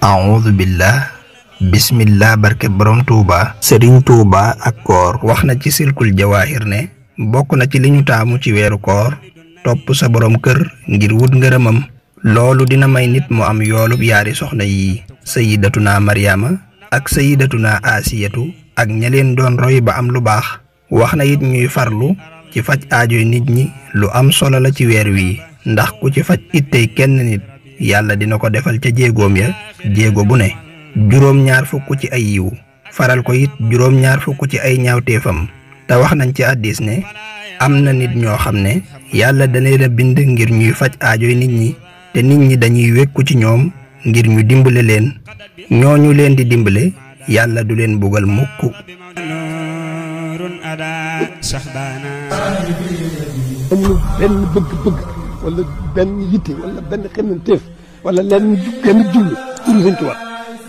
a'udhu billah bismillah barke borom touba serigne touba ak koor waxna ci silkul jawahir ne bokku na ci liñu ñu taamu ci wéru koor top sa borom kër ngir wut ngeeramam loolu dina may nit mu am yoolu yaari soxna yi sayyidatuna maryama ak sayyidatuna asiyatu ak ñaleen doon roy ba am lu baax waxna yit ñuy farlu ci fajj aajo nit ñi lu am solo la ci weer wi ndax ku ci fajj ittey kenn nit yalla dina ko defal ca ya jéego bu ne juróom-ñaar fukk ci ay yiw faral ko it juróom-ñaar fukk ci ay ñaawteefam te wax nañ ci àddis ne am na nit ñoo xam ne yàlla da leen a bind ngir ñuy faj aajoy nit ñi te nit ñi dañuy wekku ci ñoom ngir ñu dimbale leen ñooñu leen di dimbale yàlla du leen bugal mukk amul 根本不管。